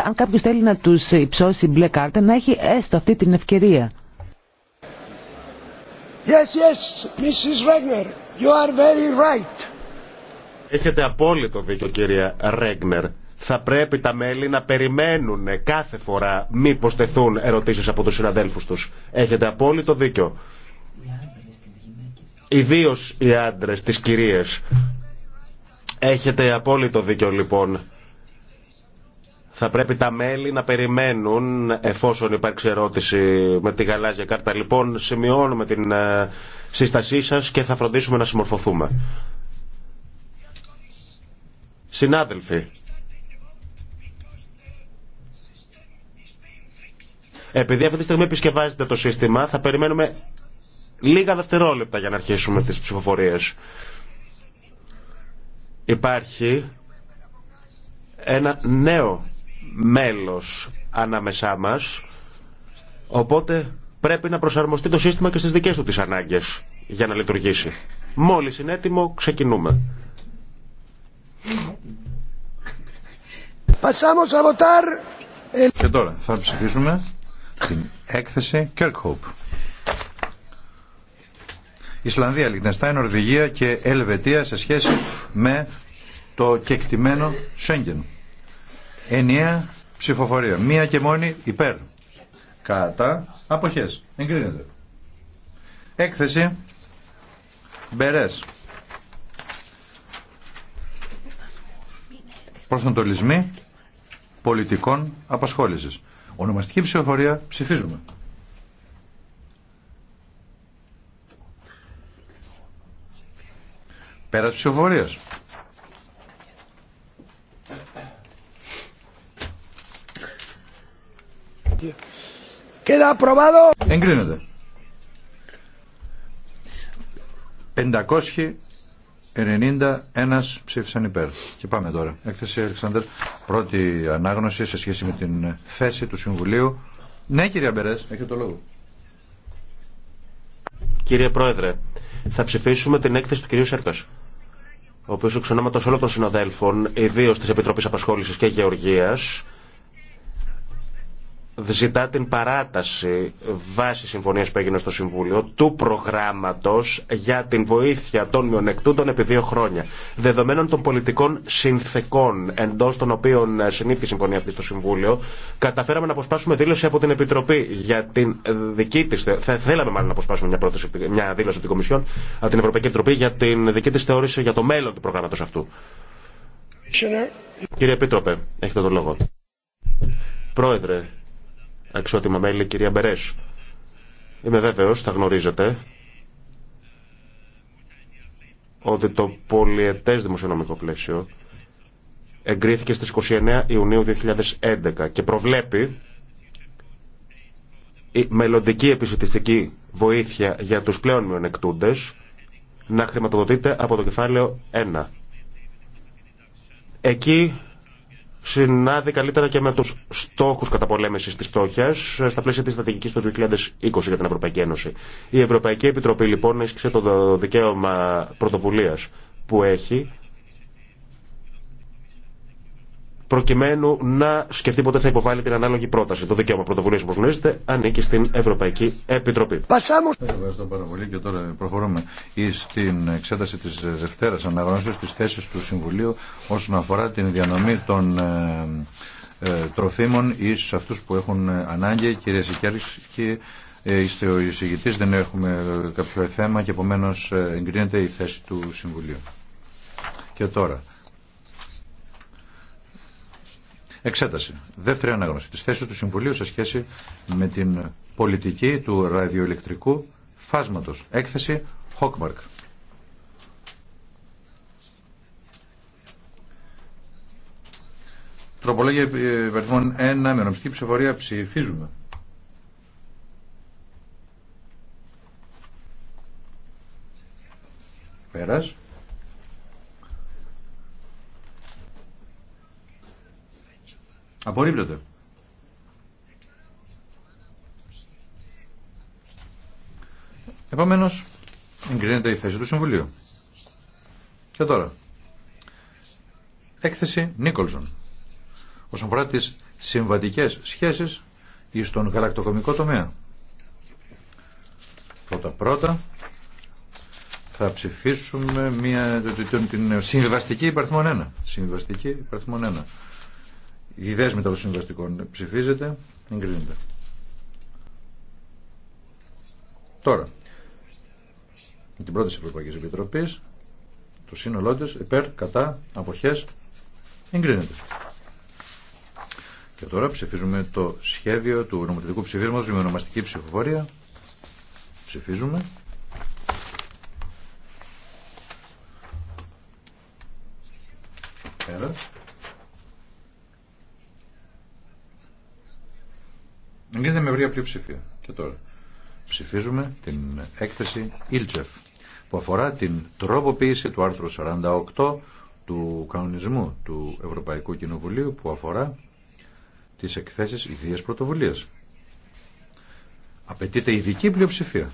αν κάποιος θέλει να τους υψώσει μπλε κάρτα να έχει έστω αυτή την ευκαιρία. Yes, yes, Mrs. Regner, you are very right. Έχετε απόλυτο δίκιο κυρία Ρέγνερ. Θα πρέπει τα μέλη να περιμένουν κάθε φορά μήπως τεθούν ερωτήσεις από τους συναδέλφους τους. Έχετε απόλυτο δίκιο. Ιδίω οι άντρες, τις κυρίες. Έχετε απόλυτο δίκιο λοιπόν. Θα πρέπει τα μέλη να περιμένουν εφόσον υπάρξει ερώτηση με τη γαλάζια κάρτα. Λοιπόν, σημειώνουμε την ε, σύστασή σας και θα φροντίσουμε να συμμορφωθούμε. Συνάδελφοι, επειδή αυτή τη στιγμή επισκευάζεται το σύστημα, θα περιμένουμε λίγα δευτερόλεπτα για να αρχίσουμε τις ψηφοφορίες. Υπάρχει ένα νέο μέλος ανάμεσά μας, οπότε πρέπει να προσαρμοστεί το σύστημα και στις δικές του τις ανάγκες για να λειτουργήσει. Μόλις είναι έτοιμο, ξεκινούμε. Και τώρα θα ψηφίσουμε την έκθεση Kirkhope. Ισλανδία, Λιγνεστάιν, Ορβηγία και Ελβετία σε σχέση με το κεκτημένο Σέγγεν. Ενιαία ψηφοφορία. Μία και μόνη υπέρ. Κατά αποχές. Εγκρίνεται. Έκθεση Μπερές. Προσανατολισμοί πολιτικών απασχόλησης. Ονομαστική ψηφοφορία ψηφίζουμε. Πέρας ψηφοφορίας. Aprobado. Εγκρίνεται. 591 ψήφισαν υπέρ. Και πάμε τώρα. Έκθεση Αλεξάνδρ, πρώτη ανάγνωση σε σχέση με την θέση του Συμβουλίου. Ναι, κύριε Μπερές, έχετε το λόγο. Κύριε Πρόεδρε, θα ψηφίσουμε την έκθεση του κυρίου Σέρκας ο οποίο εξ ονόματο όλων των συναδέλφων, ιδίω της Επιτροπή Απασχόληση και Γεωργία ζητά την παράταση βάσει συμφωνία που έγινε στο Συμβούλιο του προγράμματο για την βοήθεια των μειονεκτούντων επί δύο χρόνια. Δεδομένων των πολιτικών συνθεκών εντό των οποίων συνήθει η συμφωνία αυτή στο Συμβούλιο, καταφέραμε να αποσπάσουμε δήλωση από την Επιτροπή για την δική τη. θα θέλαμε μάλλον να αποσπάσουμε μια, πρόταση, μια δήλωση από την Κομισιόν, από την Ευρωπαϊκή Επιτροπή για την δική τη θεώρηση για το μέλλον του προγράμματο αυτού. Κύριε Επίτροπε, έχετε τον λόγο. Πρόεδρε, αξιότιμα μέλη, κυρία Μπερές. Είμαι βέβαιος, θα γνωρίζετε, ότι το πολιετές δημοσιονομικό πλαίσιο εγκρίθηκε στις 29 Ιουνίου 2011 και προβλέπει η μελλοντική επιστημιστική βοήθεια για τους πλέον μειονεκτούντες να χρηματοδοτείται από το κεφάλαιο 1. Εκεί συνάδει καλύτερα και με του στόχου καταπολέμηση τη φτώχεια ε, στα πλαίσια τη στρατηγική του 2020 για την Ευρωπαϊκή Ένωση. Η Ευρωπαϊκή Επιτροπή λοιπόν έσχισε το δικαίωμα πρωτοβουλία που έχει προκειμένου να σκεφτεί ποτέ θα υποβάλει την ανάλογη πρόταση. Το δικαίωμα πρωτοβουλία, όπω γνωρίζετε, ανήκει στην Ευρωπαϊκή Επιτροπή. Πασάμο. Ευχαριστώ πάρα πολύ και τώρα προχωρούμε στην εξέταση τη Δευτέρα Αναγνώσεως τη θέση του Συμβουλίου όσον αφορά την διανομή των ε, ε τροφίμων ή σε αυτού που έχουν ε, ανάγκη. Κυρία Σικέρσκη, ε, είστε ο εισηγητή, δεν έχουμε κάποιο θέμα και επομένω εγκρίνεται η στου αυτου που εχουν αναγκη και κύριοι, ειστε ο εισηγητη Συμβουλίου. Και τώρα. Εξέταση. Δεύτερη ανάγνωση τη θέση του Συμβουλίου σε σχέση με την πολιτική του ραδιοελεκτρικού φάσματος. Έκθεση Χόκμαρκ. Τροπολόγια υπερθμών 1 με νομιστική ψηφορία ψηφίζουμε. Πέρας. Απορρίπτεται. Επομένως, εγκρίνεται η θέση του Συμβουλίου. Και τώρα, έκθεση Νίκολσον. Όσον αφορά τις συμβατικές σχέσεις εις τον γαλακτοκομικό τομέα. Πρώτα-πρώτα θα ψηφίσουμε μια, την συμβιβαστική υπαριθμόν 1. Συμβιβαστική υπαριθμόν 1. Οι δέσμοι των συμβαστικών ψηφίζεται, εγκρίνεται. Τώρα, την πρώτη Ευρωπαϊκή Επιτροπή, το σύνολό τη, υπέρ, κατά, αποχέ, εγκρίνεται. Και τώρα ψηφίζουμε το σχέδιο του νομοθετικού ψηφίσματος με ονομαστική ψηφοφορία. Ψηφίζουμε. Πέρα. Γίνεται με ευρία πλειοψηφία. Και τώρα ψηφίζουμε την έκθεση Ιλτσεφ που αφορά την τροποποίηση του άρθρου 48 του κανονισμού του Ευρωπαϊκού Κοινοβουλίου που αφορά τις εκθέσεις ιδίες πρωτοβουλίας. Απαιτείται ειδική πλειοψηφία.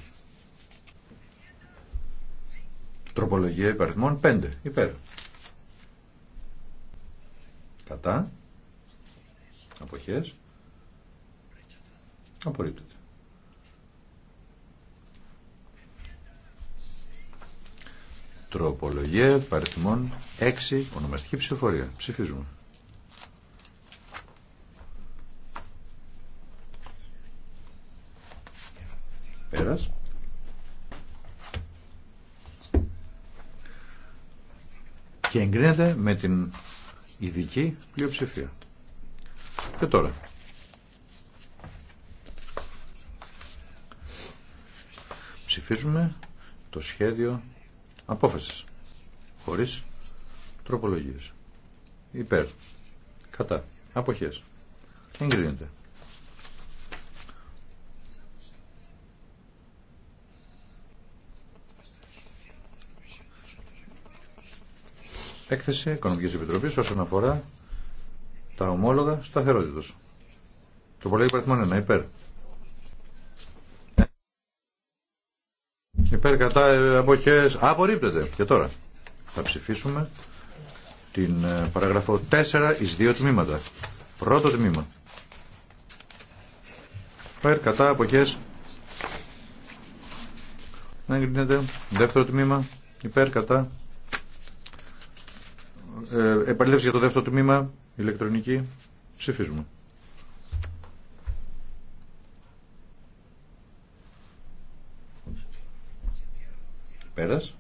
Τροπολογία υπαριθμών 5. Υπέρ. Κατά. Αποχές. Απορρίπτεται. Τροπολογία παριθμών 6. Ονομαστική ψηφοφορία. Ψηφίζουμε. Πέρας. Και εγκρίνεται με την ειδική πλειοψηφία. Και τώρα. ψηφίζουμε το σχέδιο απόφασης χωρίς τροπολογίες. Υπέρ. Κατά. Αποχές. Εγκρίνεται. Έκθεση Οικονομικής Επιτροπής όσον αφορά τα ομόλογα σταθερότητος. Το πολύ υπαριθμόν ένα Υπέρ. υπέρ κατά εποχές απορρίπτεται και τώρα θα ψηφίσουμε την ε, παραγραφό 4 εις δύο τμήματα πρώτο τμήμα υπέρ κατά αποχές να εγκρίνεται δεύτερο τμήμα υπέρ κατά ε, επαλήθευση για το δεύτερο τμήμα ηλεκτρονική ψηφίζουμε Πέρας.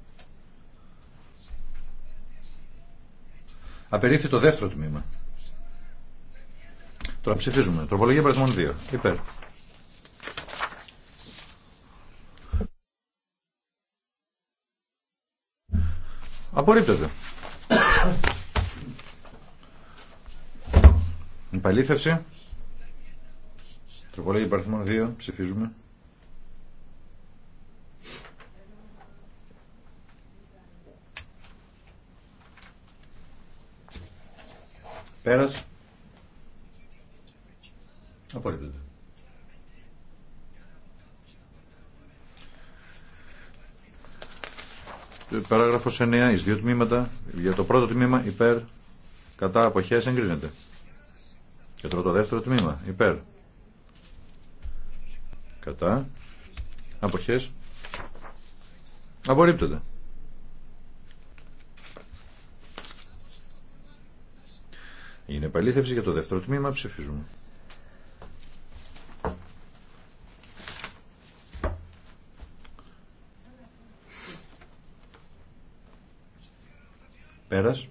Απερίφθη το δεύτερο τμήμα. Τώρα ψηφίζουμε. Τροπολογία παρελθόν 2. Υπέρ. Απορρίπτεται. Υπαλήθευση. Τροπολογία παρελθόν 2. Ψηφίζουμε. Πέρας. Απορρίπτεται. Ε, παράγραφος 9, εις δύο τμήματα. Για το πρώτο τμήμα υπέρ, κατά αποχές εγκρίνεται. Και το δεύτερο τμήμα υπέρ, κατά αποχές απορρίπτεται. Είναι επαλήθευση για το δεύτερο τμήμα. Ψηφίζουμε. Πέρας.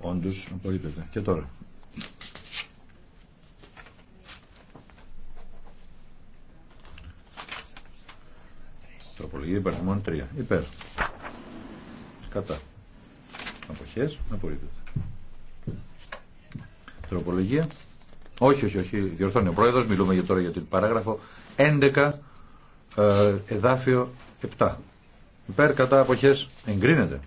Όντως απορρίπτεται. Και τώρα. Τροπολογία υπαριθμών 3. Υπέρ. Κατά. Τροπολογία. Όχι, όχι, όχι. Διορθώνει ο πρόεδρος. Μιλούμε για τώρα για την παράγραφο 11 ε, εδάφιο 7. Υπέρ κατά αποχές εγκρίνεται.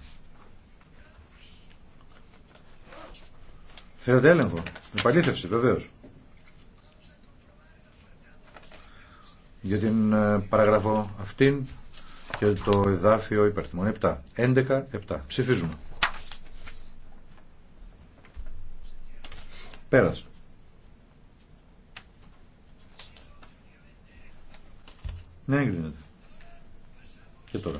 Θέλετε έλεγχο. Επαλήθευση βεβαίως. Για την ε, παραγραφό αυτήν και το εδάφιο υπερθυμών 7. 11, 7. Ψηφίζουμε. Πέρασε. Ναι, εγκρίνεται. Και τώρα.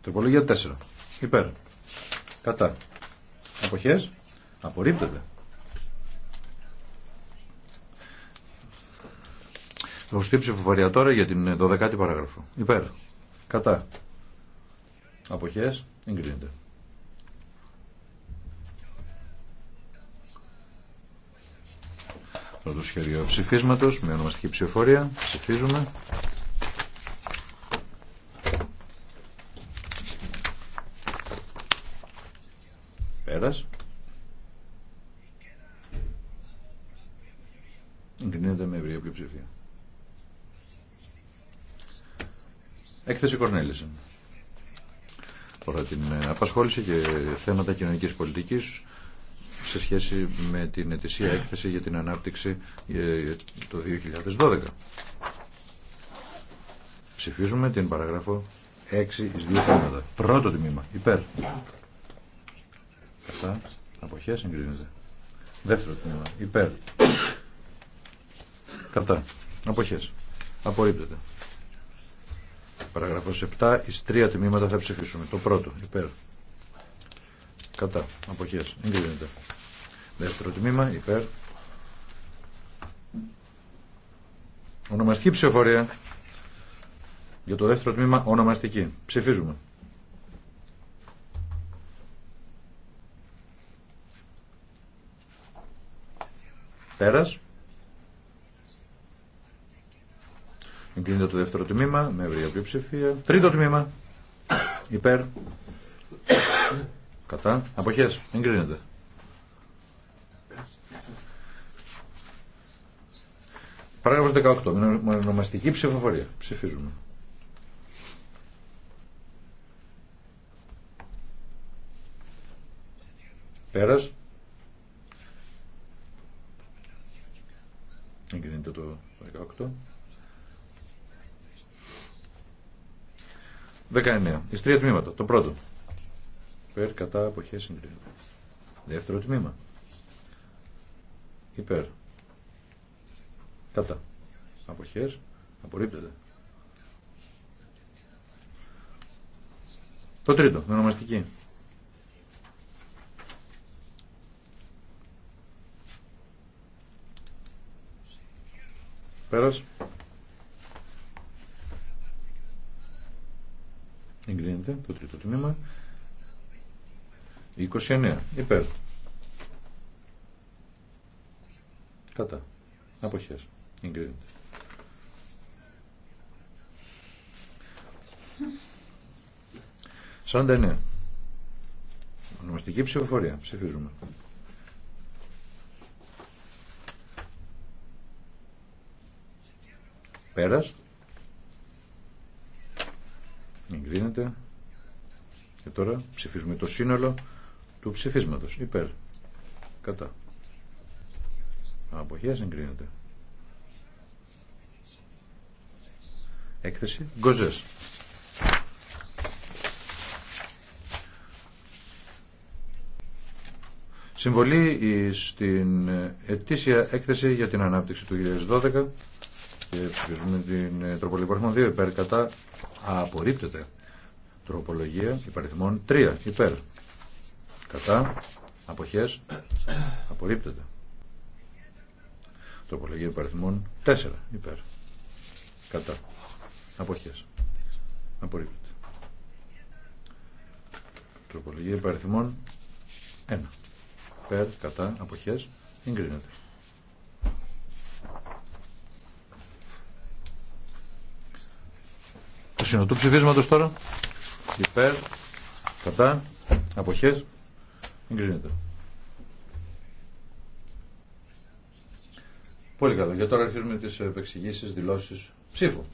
Τροπολογία 4. Υπέρ. Κατά. Αποχές. Απορρίπτεται. Γνωστή ψηφοφορία τώρα για την 12η παράγραφο. Υπέρ. Κατά. Αποχές. Εγκρίνεται. το σχέδιο ψηφίσματος με ονομαστική ψηφοφορία. Ψηφίζουμε. Πέρας. Εγκρινέται με ευρία πλειοψηφία. Έκθεση Κορνέλησεν την ε, απασχόληση και θέματα κοινωνικής πολιτικής σε σχέση με την ετησία έκθεση για την ανάπτυξη ε, ε, το 2012. Ψηφίζουμε την παραγράφο 6 εις 2 θέματα. Πρώτο τμήμα. Υπέρ. Κατά. Αποχές εγκρίνεται. Δεύτερο τμήμα. Υπέρ. Κατά. Αποχές. Απορρίπτεται. Παραγραφός 7, εις τρία τμήματα θα ψηφίσουμε. Το πρώτο, υπέρ. Κατά. Αποχές. Εγκρίνεται. Δεύτερο τμήμα, υπέρ. Ονομαστική ψηφοφορία. Για το δεύτερο τμήμα, ονομαστική. Ψηφίζουμε. Πέρας. Εγκρίνεται το δεύτερο τμήμα με ευρία πλειοψηφία. Τρίτο τμήμα. Υπέρ. Κατά. Αποχές. Εγκρίνεται. Παράγραφος 18. Με ονομαστική ψηφοφορία. Ψηφίζουμε. Πέρας. Εγκρίνεται το 18. 19. Εις τρία τμήματα. Το πρώτο. Υπέρ, κατά, αποχές, εγκρίνεται. Δεύτερο τμήμα. Υπέρ. Κατά. Αποχές, απορρίπτεται. Το τρίτο, με ονομαστική. Πέρας. Εγκρίνεται το τρίτο τμήμα. 29. Υπέρ. Κατά. Αποχές. Εγκρίνεται. Σαν Ονομαστική ψηφοφορία. Ψηφίζουμε. Πέρας. Και τώρα ψηφίζουμε το σύνολο του ψηφίσματος. Υπέρ. Κατά. Αποχέ εγκρίνεται. Έκθεση. Γκοζές. Συμβολή στην ετήσια έκθεση για την ανάπτυξη του 2012 και ψηφίζουμε την τροπολή 2 υπέρ κατά απορρίπτεται. Τροπολογία υπαριθμών 3 υπέρ. Κατά. Αποχές. Απορρίπτεται. Τροπολογία υπαριθμών 4 υπέρ. Κατά. Αποχές. Απορρίπτεται. Τροπολογία υπαριθμών 1. Υπέρ. Κατά. Αποχές. Εγκρίνεται. Το συνοτού ψηφίσματος τώρα υπέρ, κατά, αποχές, εγκρίνεται. Πολύ καλό. Για τώρα αρχίζουμε τις επεξηγήσεις, δηλώσεις ψήφου.